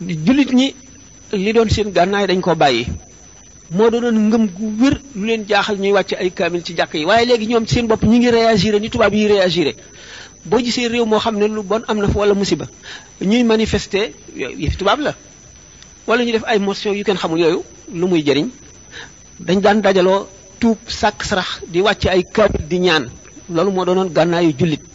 julit ñi li doon seen gannaay dañ ko bàyyi moo doonoon ngëm gu wér lu leen jaaxal ñuy wàcc ay kamil ci jàkk yi waaye léegi ñoom seen bopp ñi ngi réagir ni tubaab yi réagiré boo gisee réew moo xam ne lu bon am na fa wala musiba ñuy manifester yëf tubaab la wala ñu def ay motion yu kenn xamul yooyu lu muy jëriñ dañ daan dajaloo tuub sàkk sarax di wàcc ay kamil di ñaan loolu moo doonoon gànnaayu jullit